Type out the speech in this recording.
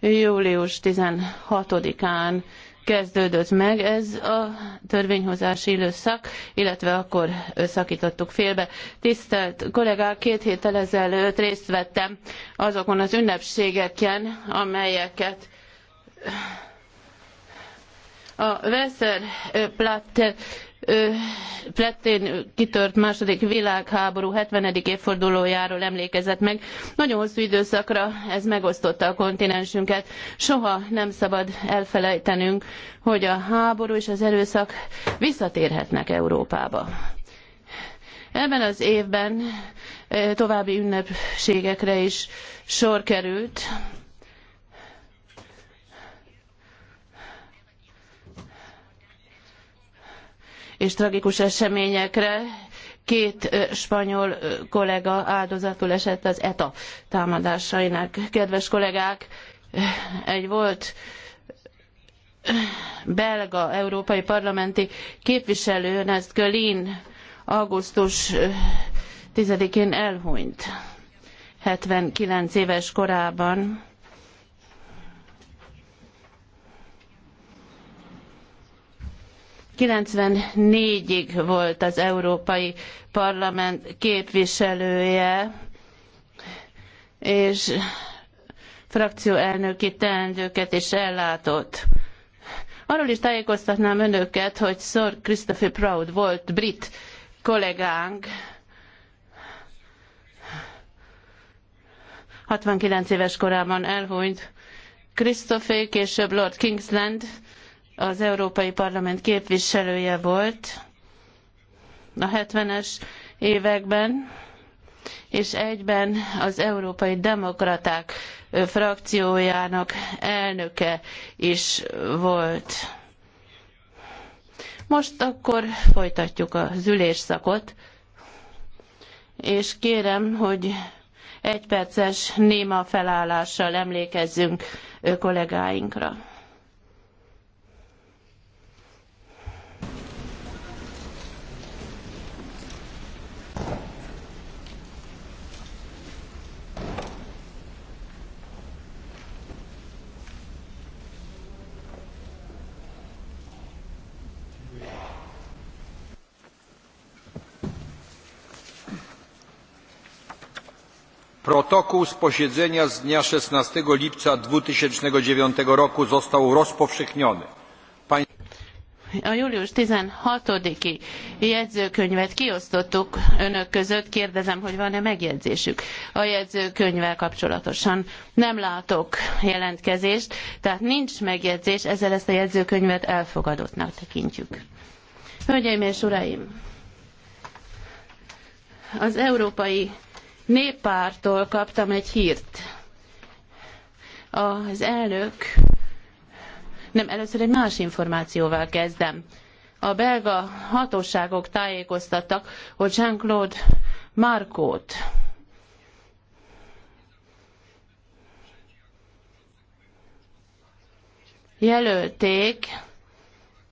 július 16-án kezdődött meg ez a törvényhozási időszak, illetve akkor szakítottuk félbe. Tisztelt kollégák, két héttel ezelőtt részt vettem azokon az ünnepségeken, amelyeket a Veszer Platte plettén kitört második világháború 70. évfordulójáról emlékezett meg. Nagyon hosszú időszakra ez megosztotta a kontinensünket. Soha nem szabad elfelejtenünk, hogy a háború és az erőszak visszatérhetnek Európába. Ebben az évben további ünnepségekre is sor került és tragikus eseményekre. Két spanyol kollega áldozatul esett az ETA támadásainak. Kedves kollégák, egy volt belga európai parlamenti képviselő, Nest Gölin, augusztus 10-én elhunyt. 79 éves korában 94-ig volt az Európai Parlament képviselője, és frakcióelnöki teendőket is ellátott. Arról is tájékoztatnám önöket, hogy Sir Christopher Proud volt brit kollégánk, 69 éves korában elhunyt. Christopher, később Lord Kingsland, az Európai Parlament képviselője volt a 70-es években, és egyben az Európai Demokraták frakciójának elnöke is volt. Most akkor folytatjuk az ülésszakot, és kérem, hogy egy perces néma felállással emlékezzünk kollégáinkra. Protokół z posiedzenia z dnia 16 lipca 2009 roku został rozpowszechniony. Pań... A július 16-i jegyzőkönyvet kiosztottuk önök között. Kérdezem, hogy van-e megjegyzésük a jegyzőkönyvvel kapcsolatosan. Nem látok jelentkezést, tehát nincs megjegyzés, ezzel ezt a jegyzőkönyvet elfogadottnak tekintjük. Hölgyeim és uraim! Az Európai néppártól kaptam egy hírt. Az elnök, nem, először egy más információval kezdem. A belga hatóságok tájékoztattak, hogy Jean-Claude Markót jelölték